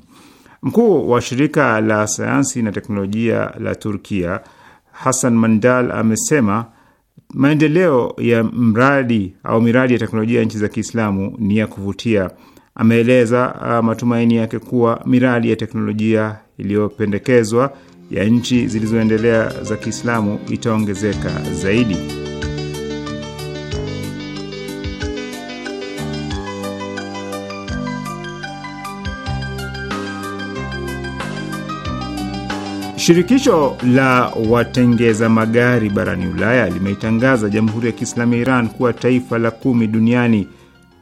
Mkuu wa shirika la sayansi na teknolojia la Turkia Hassan Mandal amesema maendeleo ya mradi au miradi ya teknolojia ya nchi za Kiislamu ni ya kuvutia. Ameeleza ah, matumaini yake kuwa miradi ya teknolojia iliyopendekezwa ya nchi zilizoendelea za Kiislamu itaongezeka zaidi. Shirikisho la watengeza magari barani Ulaya limeitangaza Jamhuri ya Kiislamu ya Iran kuwa taifa la kumi duniani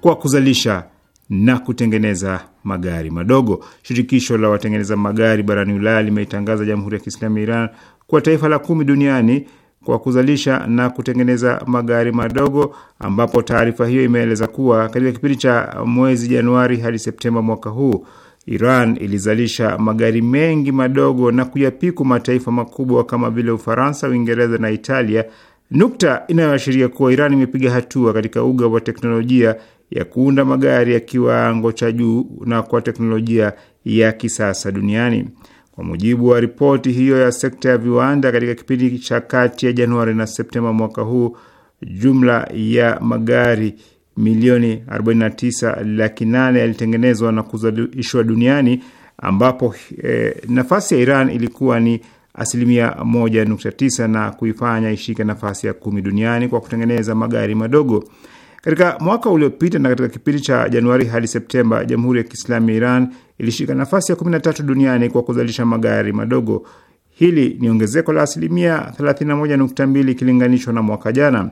kwa kuzalisha na kutengeneza magari madogo. Shirikisho la watengeneza magari barani Ulaya limeitangaza Jamhuri ya Kiislamu ya Iran kuwa taifa la kumi duniani kwa kuzalisha na kutengeneza magari madogo, ambapo taarifa hiyo imeeleza kuwa katika kipindi cha mwezi Januari hadi Septemba mwaka huu Iran ilizalisha magari mengi madogo na kuyapiku mataifa makubwa kama vile Ufaransa, Uingereza na Italia, nukta inayoashiria kuwa Iran imepiga hatua katika uga wa teknolojia ya kuunda magari ya kiwango cha juu na kwa teknolojia ya kisasa duniani. Kwa mujibu wa ripoti hiyo ya sekta ya viwanda, katika kipindi cha kati ya Januari na Septemba mwaka huu, jumla ya magari milioni 49 laki nane yalitengenezwa na kuzalishwa duniani ambapo eh, nafasi ya Iran ilikuwa ni asilimia 1.9 na kuifanya ishike nafasi ya kumi duniani kwa kutengeneza magari madogo. Katika mwaka uliopita na katika kipindi cha Januari hadi Septemba, Jamhuri ya Kiislamu ya Iran ilishika nafasi ya 13 duniani kwa kuzalisha magari madogo. Hili ni ongezeko la asilimia 31.2 ikilinganishwa na mwaka jana.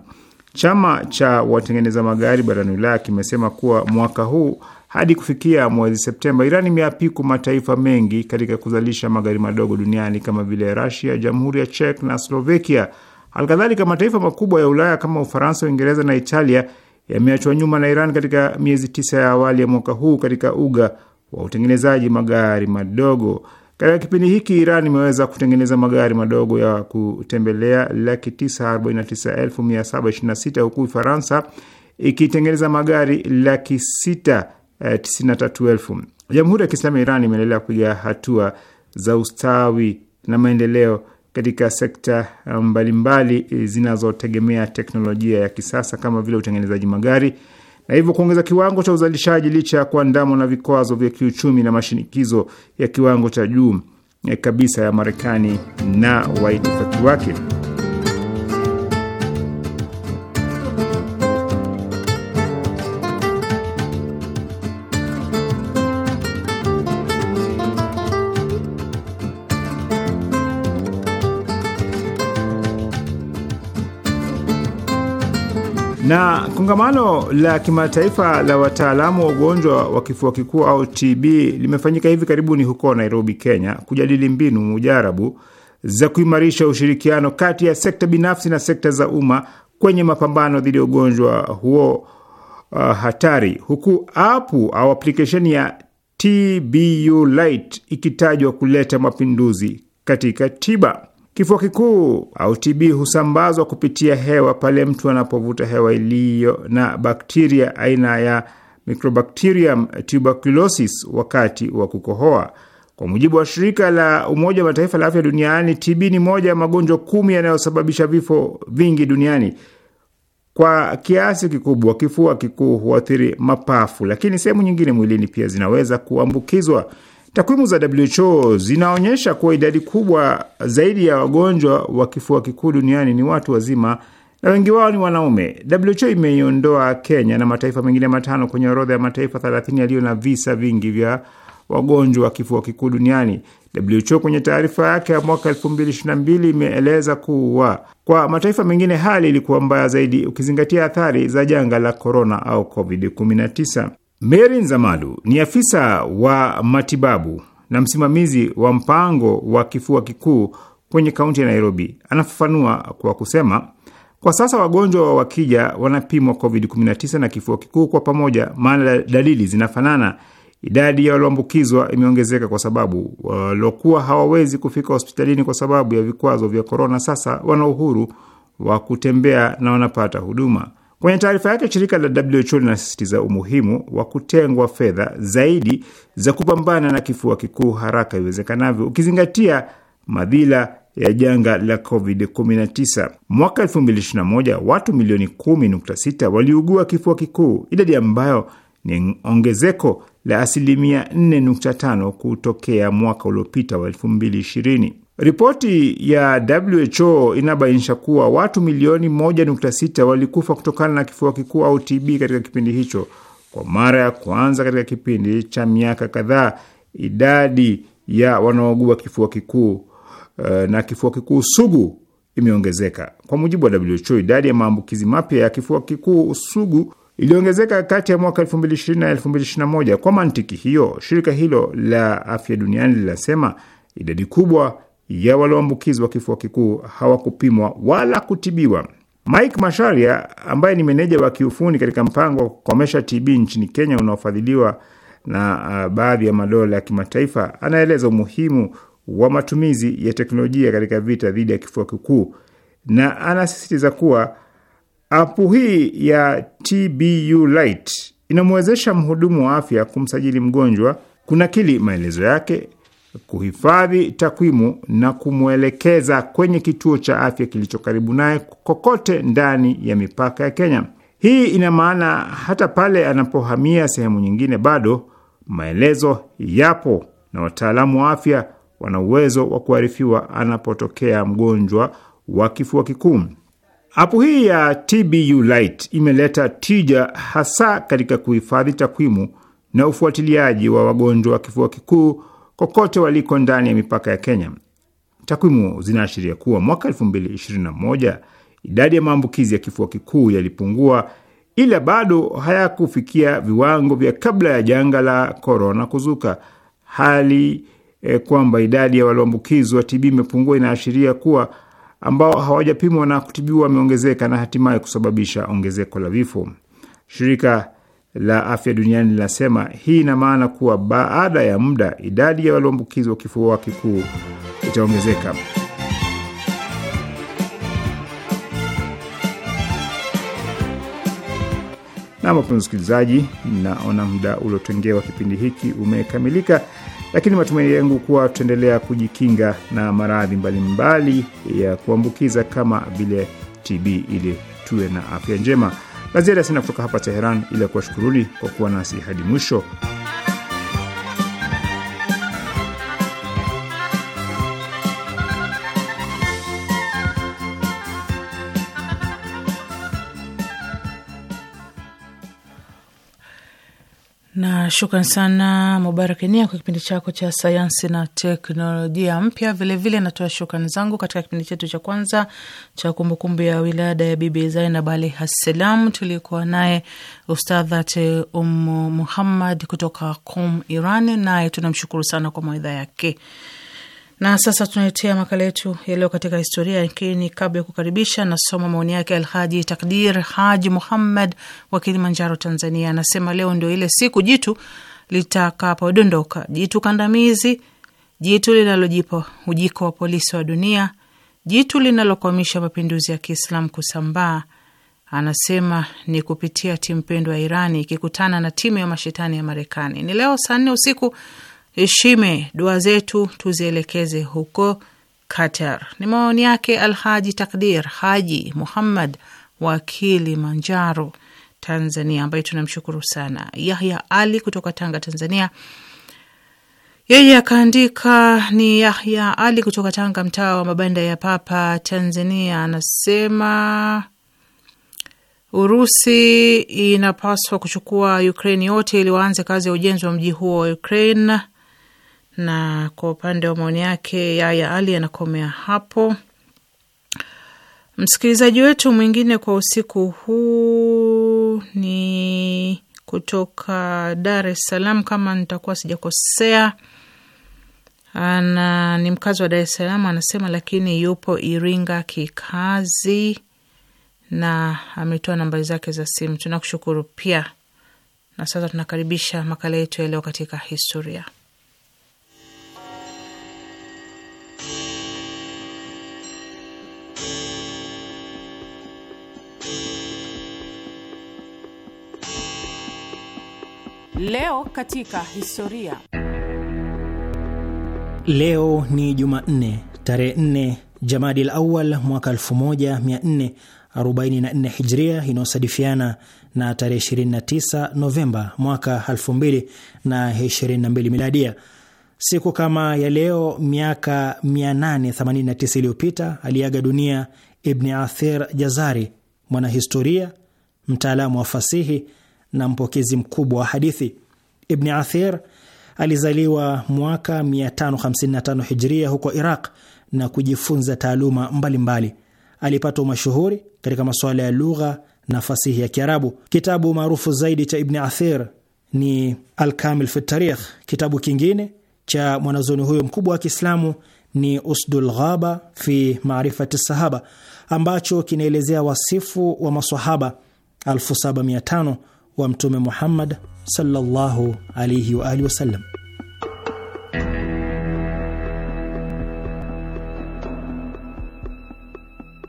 Chama cha watengeneza magari barani Ulaya kimesema kuwa mwaka huu hadi kufikia mwezi Septemba, Iran imeapiku mataifa mengi katika kuzalisha magari madogo duniani kama vile Rasia, Jamhuri ya Czech na Slovakia. Halikadhalika, mataifa makubwa ya Ulaya kama Ufaransa, Uingereza na Italia yameachwa nyuma na Iran katika miezi tisa ya awali ya mwaka huu katika uga wa utengenezaji magari madogo. Katika kipindi hiki Iran imeweza kutengeneza magari madogo ya kutembelea laki 949,726 huku Ufaransa ikitengeneza magari laki 693,000. Eh, Jamhuri ya Kiislamu ya Iran imeendelea kupiga hatua za ustawi na maendeleo katika sekta um, mbalimbali e, zinazotegemea teknolojia ya kisasa kama vile utengenezaji magari na hivyo kuongeza kiwango cha uzalishaji licha ya kuandamwa na vikwazo vya kiuchumi na mashinikizo ya kiwango cha juu e, kabisa ya Marekani na waitifaki wake. Kongamano la kimataifa la wataalamu wa ugonjwa wa kifua kikuu au TB limefanyika hivi karibuni huko Nairobi, Kenya, kujadili mbinu mujarabu za kuimarisha ushirikiano kati ya sekta binafsi na sekta za umma kwenye mapambano dhidi ya ugonjwa huo uh, hatari, huku apu au aplikesheni ya TBU Lite ikitajwa kuleta mapinduzi katika tiba. Kifua kikuu au TB husambazwa kupitia hewa pale mtu anapovuta hewa iliyo na bakteria aina ya Microbacterium tuberculosis wakati wa kukohoa. Kwa mujibu wa shirika la Umoja wa Mataifa la afya duniani, TB ni moja ya magonjwa kumi yanayosababisha vifo vingi duniani. Kwa kiasi kikubwa kifua kikuu huathiri mapafu, lakini sehemu nyingine mwilini pia zinaweza kuambukizwa. Takwimu za WHO zinaonyesha kuwa idadi kubwa zaidi ya wagonjwa wa kifua kikuu duniani ni watu wazima na wengi wao ni wanaume. WHO imeiondoa Kenya na mataifa mengine matano kwenye orodha ya mataifa 30 yaliyo na visa vingi vya wagonjwa wa kifua kikuu duniani. WHO kwenye taarifa yake ya mwaka 2022 imeeleza kuwa kwa mataifa mengine hali ilikuwa mbaya zaidi ukizingatia athari za janga la korona au COVID-19. Mary Nzamalu ni afisa wa matibabu na msimamizi wa mpango wa kifua kikuu kwenye kaunti ya Nairobi. Anafafanua kwa kusema, kwa sasa wagonjwa wa wakija wanapimwa COVID-19 na kifua kikuu kwa pamoja, maana dalili zinafanana. Idadi ya walioambukizwa imeongezeka kwa sababu waliokuwa hawawezi kufika hospitalini kwa sababu ya vikwazo vya korona sasa wana uhuru wa kutembea na wanapata huduma. Kwenye taarifa yake, shirika la WHO linasisitiza umuhimu wa kutengwa fedha zaidi za kupambana na kifua kikuu haraka iwezekanavyo, ukizingatia madhila ya janga la COVID-19. Mwaka 2021 watu milioni 10.6 waliugua kifua kikuu, idadi ambayo ni ongezeko la asilimia 4.5 kutokea mwaka uliopita wa 2020. Ripoti ya WHO inabainisha kuwa watu milioni 1.6 walikufa kutokana na kifua kikuu au TB katika kipindi hicho. Kwa mara ya kwanza katika kipindi cha miaka kadhaa, idadi ya wanaougua kifua kikuu eh, na kifua kikuu sugu imeongezeka. Kwa mujibu wa WHO, idadi ya maambukizi mapya ya kifua kikuu sugu iliongezeka kati ya mwaka 2020 na 2021. Kwa mantiki hiyo, shirika hilo la afya duniani linasema idadi kubwa ya walioambukizwa kifua kikuu hawakupimwa wala kutibiwa. Mike Masharia ambaye ni meneja wa kiufundi katika mpango wa kukomesha TB nchini Kenya unaofadhiliwa na uh, baadhi ya madola ya kimataifa anaeleza umuhimu wa matumizi ya teknolojia katika vita dhidi ya kifua kikuu na anasisitiza kuwa apu hii ya TBU Lite inamwezesha mhudumu wa afya kumsajili mgonjwa, kunakili maelezo yake kuhifadhi takwimu na kumwelekeza kwenye kituo cha afya kilicho karibu naye kokote ndani ya mipaka ya Kenya. Hii ina maana hata pale anapohamia sehemu nyingine, bado maelezo yapo na wataalamu wa afya wana uwezo wa kuarifiwa anapotokea mgonjwa wa kifua kikuu. Apu hii ya TBU Lite imeleta tija hasa katika kuhifadhi takwimu na ufuatiliaji wa wagonjwa wa kifua kikuu kokote waliko ndani ya mipaka ya Kenya. Takwimu zinaashiria kuwa mwaka 2021 idadi ya maambukizi ya kifua kikuu yalipungua, ila bado hayakufikia viwango vya kabla ya janga la korona kuzuka. Hali e, kwamba idadi ya walioambukizwa TB imepungua inaashiria kuwa ambao hawajapimwa na kutibiwa wameongezeka na hatimaye kusababisha ongezeko la vifo. Shirika la afya duniani linasema hii ina maana kuwa baada ya muda idadi ya walioambukizwa kifua kikuu itaongezeka. Na wapenzi msikilizaji, naona muda uliotengewa kipindi hiki umekamilika, lakini matumaini yangu kuwa tutaendelea kujikinga na maradhi mbalimbali ya kuambukiza kama vile TB ili tuwe na afya njema. La ziada sina kutoka hapa Teheran, ila kuwashukuruni kwa kuwa nasi hadi mwisho. Na shukran sana Mubarak Enia kwa kipindi chako cha sayansi na teknolojia mpya. Vilevile natoa shukrani zangu katika kipindi chetu cha kwanza cha kumbukumbu ya wilada ya Bibi Zainab alaihi ssalam, tuliokuwa naye Ustadhat Umu Muhammad kutoka com Iran, naye tunamshukuru sana kwa mawaidha yake. Na sasa tunaletea makala yetu ya katika historia, lakini kabla ya kukaribisha, nasoma maoni yake Alhaji Takdir Haji Muhammad wa Kilimanjaro, Tanzania. Anasema leo ndio ile siku jitu litakapodondoka, jitu kandamizi, jitu linalojipa ujiko wa polisi wa dunia, jitu linalokwamisha mapinduzi ya Kiislamu kusambaa. Anasema ni kupitia timu pendwa ya Irani ikikutana na timu ya mashetani ya Marekani. Ni leo saa nne usiku Heshime dua zetu tuzielekeze huko Qatar. Ni maoni yake Alhaji Takdir Haji Muhammad wa Kilimanjaro, Tanzania, ambaye tunamshukuru sana. Yahya Ali kutoka Tanga, Tanzania, yeye akaandika ni Yahya Ali kutoka Tanga, mtaa wa mabanda ya Papa, Tanzania, anasema Urusi inapaswa kuchukua Ukraine yote ili waanze kazi ya ujenzi wa mji huo wa Ukraine na kwa upande wa maoni yake Yaya Ali anakomea hapo. Msikilizaji wetu mwingine kwa usiku huu ni kutoka Dar es Salaam, kama nitakuwa sijakosea, ana ni mkazi wa Dar es Salaam. Anasema lakini yupo Iringa kikazi, na ametoa nambari zake za simu. Tunakushukuru pia, na sasa tunakaribisha makala yetu ya leo katika historia Leo katika historia. Leo ni Jumanne tarehe nne jamadi l Awal mwaka 1444 Hijria, inayosadifiana na tarehe 29 Novemba mwaka 2022 Miladia. Siku kama ya leo miaka 889 iliyopita aliaga dunia Ibni Athir Jazari, mwanahistoria, mtaalamu wa fasihi na mpokezi mkubwa wa hadithi. Ibn Athir alizaliwa mwaka 555 hijria huko Iraq na kujifunza taaluma mbalimbali. Alipata umashuhuri katika masuala ya lugha na fasihi ya Kiarabu. Kitabu maarufu zaidi cha Ibn Athir ni Alkamil fi Tarikh. Kitabu kingine cha mwanazoni huyo mkubwa wa Kiislamu ni Usdul Ghaba fi Marifati Sahaba, ambacho kinaelezea wasifu wa masahaba 7500 wa Mtume Muhammad sallallahu alaihi wa alihi wasallam.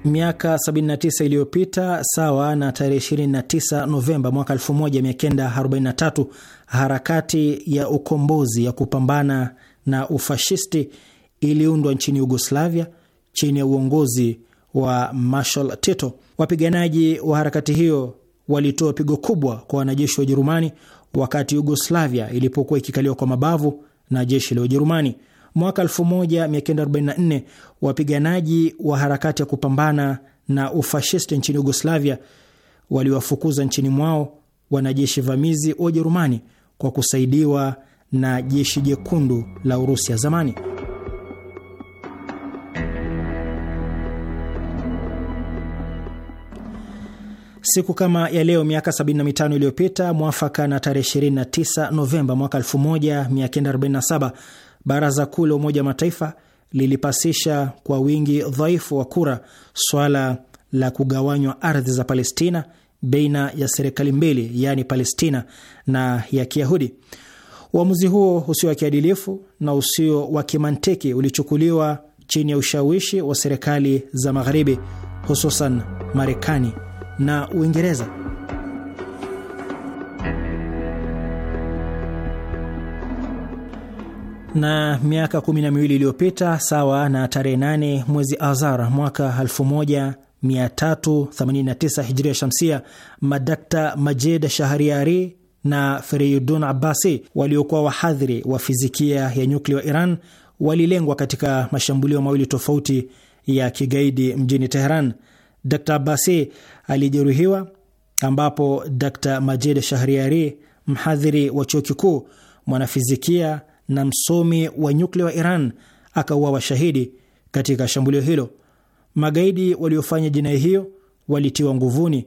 Miaka 79 iliyopita sawa na tarehe 29 Novemba mwaka 1943, harakati ya ukombozi ya kupambana na ufashisti iliundwa nchini Yugoslavia chini ya uongozi wa Marshal Tito. Wapiganaji wa harakati hiyo walitoa pigo kubwa kwa wanajeshi wa Ujerumani wakati Yugoslavia ilipokuwa ikikaliwa kwa mabavu na jeshi la Ujerumani. Mwaka 1944 wapiganaji wa harakati ya kupambana na ufashisti nchini Yugoslavia waliwafukuza nchini mwao wanajeshi vamizi wa Ujerumani kwa kusaidiwa na jeshi jekundu la Urusi ya zamani. Siku kama ya leo miaka 75 iliyopita, mwafaka na tarehe 29 Novemba mwaka 1947, Baraza Kuu la Umoja wa Mataifa lilipasisha kwa wingi dhaifu wa kura swala la kugawanywa ardhi za Palestina baina ya serikali mbili, yaani Palestina na ya Kiyahudi. Uamuzi huo usio wa kiadilifu na usio wa kimantiki ulichukuliwa chini ya ushawishi wa serikali za Magharibi, hususan Marekani na Uingereza. na miaka kumi na miwili iliyopita sawa na tarehe nane mwezi Azar mwaka 1389 hijria shamsia, madakta Majed Shahriari na Fereyudun Abbasi waliokuwa wahadhiri wa fizikia ya nyuklia wa Iran walilengwa katika mashambulio mawili tofauti ya kigaidi mjini Teheran. Dr Abasi alijeruhiwa, ambapo Dr Majid Shahriari, mhadhiri wa chuo kikuu, mwanafizikia na msomi wa nyuklia wa Iran, akauawa shahidi katika shambulio hilo. Magaidi waliofanya jinai hiyo walitiwa nguvuni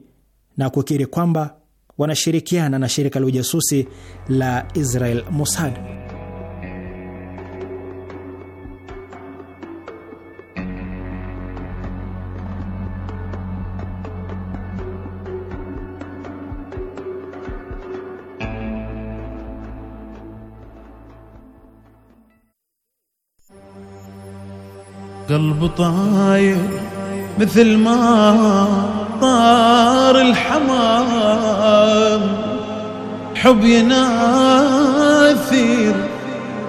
na kukiri kwamba wanashirikiana na shirika la ujasusi la Israel Mossad. قلب طاير مثل ما طار الحمام حب يناثر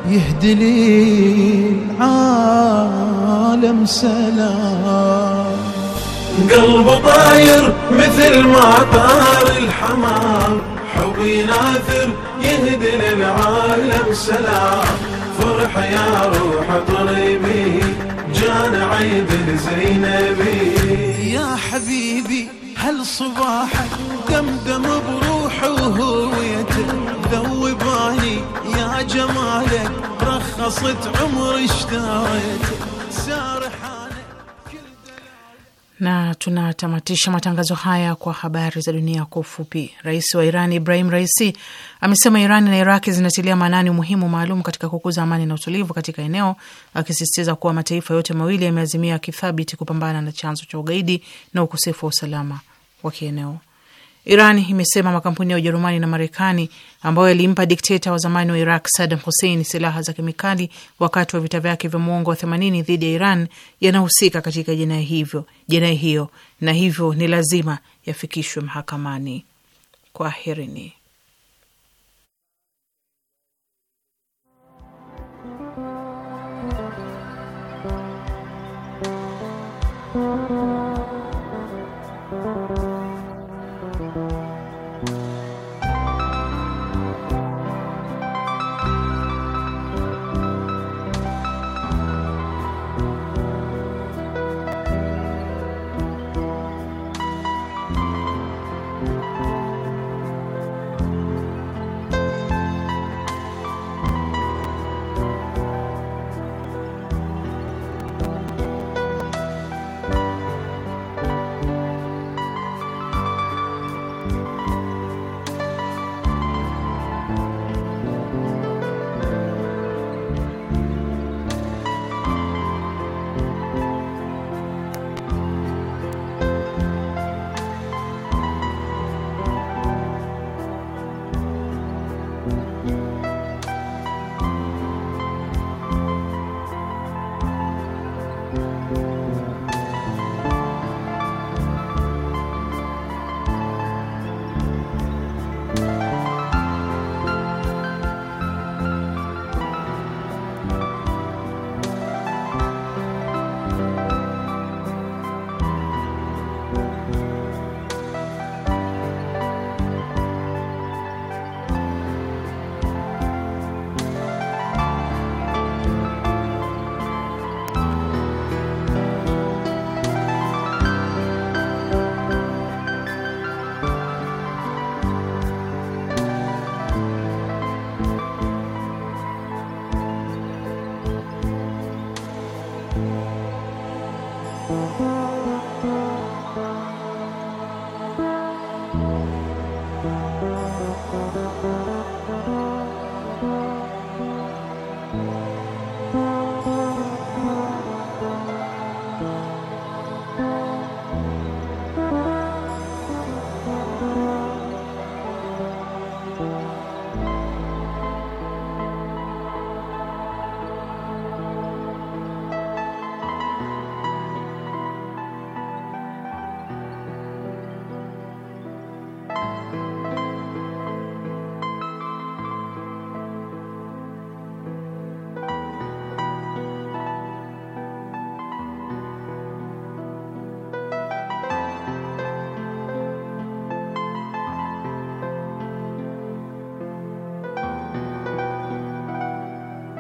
يهدلي العالم سلام قلب طاير مثل ما طار الحمام حب يناثر يهدلي العالم سلام يا حبيبي هل صباحك دمدم بروح وهويته ذوباني يا جمالك رخصت عمري اشتريته سارحان na tunatamatisha matangazo haya kwa habari za dunia kwa ufupi. Rais wa Iran Ibrahim Raisi amesema Irani na Iraki zinatilia maanani umuhimu maalum katika kukuza amani na utulivu katika eneo, akisisitiza kuwa mataifa yote mawili yameazimia kithabiti kupambana na chanzo cha ugaidi na ukosefu wa usalama wa kieneo. Iran imesema makampuni ya Ujerumani na Marekani ambayo yalimpa dikteta wa zamani wa Iraq Saddam Hussein silaha za kemikali wakati wa vita vyake vya muongo wa 80 dhidi ya Iran yanahusika katika jinai hivyo jinai hiyo, na hivyo ni lazima yafikishwe mahakamani. Kwaherini.